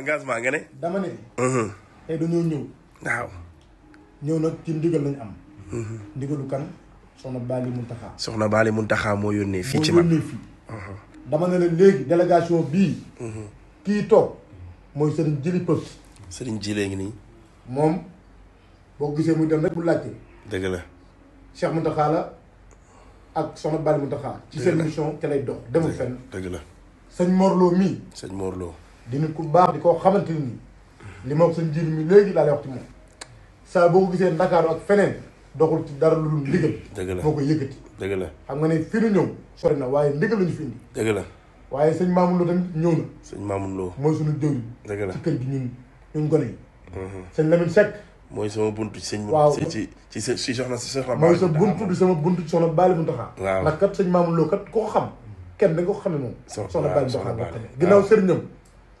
engagement nga ne. dama ne. Mhm. tey dañoo ñëw. waaw. ñëw nag ci ndigal lañ am. Mhm. ndigalu kan soxna baal yi soxna Baali moo yónnee fii ci man fii. Mhm. dama ne leen léegi délégation bii. kii toog mooy Serigne Jili Pës. Serigne Jili ngi nii. moom boo gisee muy dem rek bu laajte. dëgg la. Cheikh Muntaxa la ak soxna Baali Muntaxa. ci seen mission ca lay dox demul fenn. dëgg la sëñ Morlo mii. sëñ Morlo. di nit ku baax di koo xamante ni li ma wax njiit mi léegi laa lay wax ci moom saa boo ko gisee Ndakaaru ak feneen doxul ci dara lu dul ndigal. dëgg la moo koy yëkkati. dëgg la xam nga ne fi ñu ñëw sori na waaye ndigal la ñu fi indi. la waaye sëñ Mamoun Lo na. sëñ suñu jëwriñ. dëgg la gi ñun ñun gone yi. Mm-hmm. sëñ Lamine Seck. mooy sama buntu ci sëñ. waaw ci ci ci si soxna si soxna. mooy sa buntu di sama buntu ci soxna ndax kat sëñ Mamoun Lo kat xam kenn da nga ko xamee moom. soxna Baali Muntaxa ginnaaw sëriñam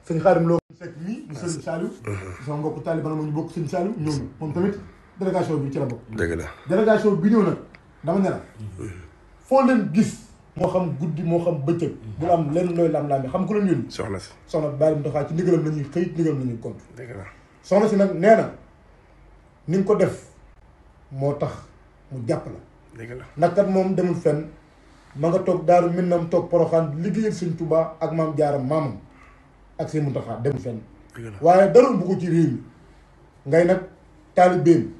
sëñ xaarim loo sekk mii mu sëñ Saliou sama mbokk taaliba na ma ñu bokk sëñ Saliou ñëw moom tamit délégation bi ci la bokk dëgg la délégation bi ñëw nag dama ne la foo leen gis moo xam guddi moo xam bëccëg bu am leen looy lam-laami xam ku leen yónni soxna si soxna bàyyi mu taxaa ci ndigalam la ñuy xëy ndigalam la ñuy kont dëgg la soxna si nag nee na ni nga ko def moo tax mu jàpp la dëgg la nag kat moom demul fenn ma nga toog daaru minnam toog poroxaan liggéeyal sëñ Tuubaa ak maam jaaram maamam ak seen muntaxaa dem fenn waaye dara bu ko ci réew mi ngay nag taalibeem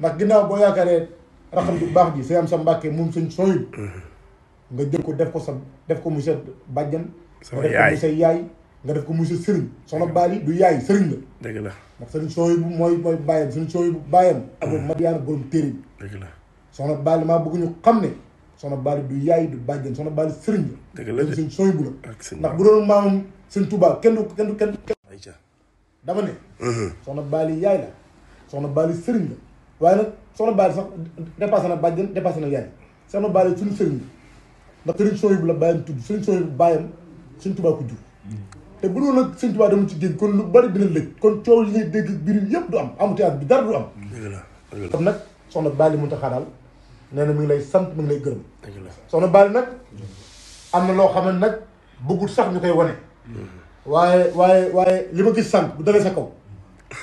ndax ginnaaw boo yaakaaree raxam bu baax ji say am sa mbàkke moom sëñ sooyul nga jël ko def ko sa def ko mu sa bàjjan nga sa yaay nga def ko mu sa sëriñ soxna baali du yaay sëriñ la dëgg la ndax sëriñ sooyu bu mooy mooy bàyyam sëriñ sooyu bu bàyyam mm. ak ma yaana borom téere bi dëgg baali maa bëgg xam ne soxna Bali du yaay du bàjjen soxna Bali sëriñ la. dëgg la de sëñ sooy bu la. ndax bu doon maamam sëñ Touba kenn du kenn du kenn. dama ne. Uh-huh. soxna Bali yaay la soxna Bali sëriñ la waaye nag soxna Bali sax dépassé na bàjjen dépassé na yaay soxna Bali suñu sëriñ la ndax sëriñ sooy bu la bàyyam tudd sëriñ sooy bu bàyyam sëñ tubaa ku jur. te bu doon nag sëñ Touba dama ci géej kon lu bari dina lëj kon coow li dégg biir yëpp du am amut bi dara du am. dëgg la nag soxna Bali mënut a xaaral nee na mi ngi lay sant mi lay gërëm. soxna Bally nag am na loo xam ne nag bëggul sax ñu koy wone waaye waaye waaye li ma gis sànq bu dalee sa kaw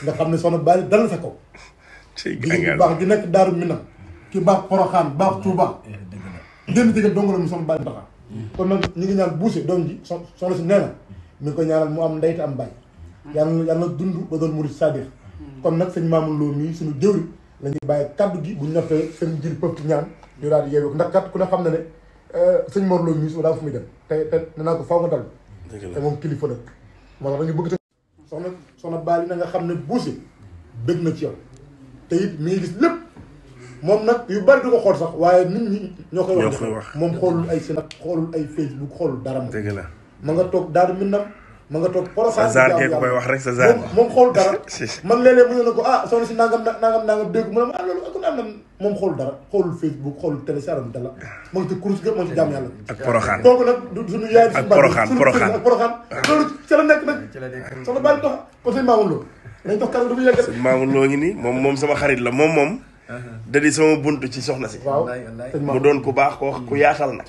nga xam ne soxna Bally dal sa kaw. ci gàncax gi baax gi nekk Daaru baax Poroxaan baax Touba. génn jigéen eh, dong la mu soxna Bally Mbaxar. kon nag ñu ngi ñaan buuse doom ji so soxna si nee na mi ngi ko ñaanal mu am ndey te am baay. yàlla na yàlla na dund ba doon murid sadiq mm. kon nag sañ Mamoune Lo mii suñu jëwri la ñuy bàyyi kaddu gi bu ñu noppee seen jil pëpp ñaan ñu daal di yeewu ndax kat ku ne xam na ne euh, sëñ Mor Lo ñuus daa fu muy dem te te naa ko faaw nga dal te moom kilifa la moo ñu bëgg te soxna soxna Bally na nga xam ne buuse bëgg na ci yow te mi lépp moom nag yu bari du xool sax waaye nit ñi ñoo koy wax moom xoolul ay seen ak xoolul ay Facebook xoolul dara na nga toog daal di mën ma nga toog poroxaan sa zaar koy wax rek sa zaar moom xool dara man léeg-léeg mu ne na ko ah soxna si nangam nangam nangam dégg mu ne ma ah, am na moom xool dara xoolul facebook xoolul télé saram dala ma nga ci course ga ma ci jàmm yàlla ak poroxaan kooku nag suñu yaay ak poroxaan poroxaan ak ah. poroxaan loolu ci la nekk nag soxna bàyyi dox ko sëñ du mu yeggal sëñ Mamoun ngi nii moom moom sama xarit la moom moom da di sama bunt ci soxna si. mu doon ku baax ko wax ku yaatal nag.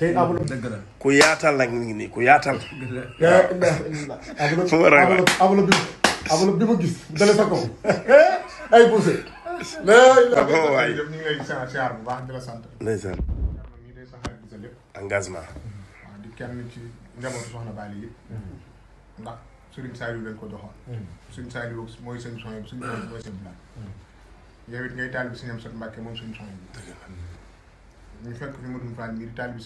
ku yaatal nag mi ngi nii ku yaatal. fu mu rëy eh, waay ablo ablo bi bu baax di la sant. ndeysaan. engagement. waaw di kenn ci njabootu soxna Bally yi mm-hmm. ndax Serigne ko joxoon. Mm-hmm. yow it ngay taalibe Sëriñ Amsatu Mbàkke moom suñu ñu fekk fi Modou Fall mii di taalibe mmh.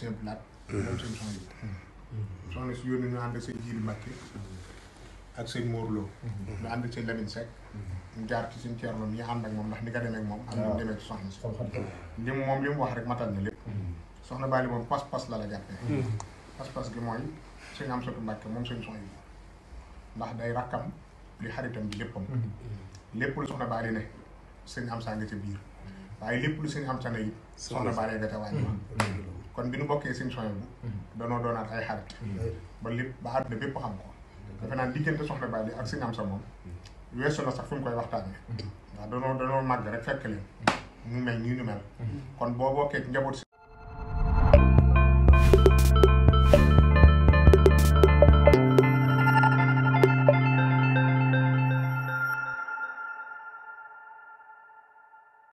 son mmh. si yónni ñu ànd ak sëñ Jiili Mbàkke ak sëñ Mor Lo mmh. ñu ànd ak sëñ Lamine Seck ñu jaar ci moom ndax ni nga demee moom am nañ demee ci soxna si li mu moom li mu wax rek matal na lépp soxna Bally moom pas-pas la la jàppee pas-pas gi mooy Sëriñ Amsatu Mbàkke ndax day rakkam li xaritam bi léppam lépp lu soxna Bally ne sëñ Hamza nga ca biir waaye lépp lu sëñ Hamza na it soxna a nga ca wàññi kon bi nu bokkee sëñ soñ bu mm-hmm. danoo doonaat ay xarit mm-hmm. ba lépp ba àdduna bépp xam ko mm-hmm. dafa naan diggante soxna Bale ak sëñ Hamza moom weesu na sax fu ñu koy waxtaanee waaw danoo danoo màgg rek fekk leen mu mel nu mel kon boo bokkee njaboot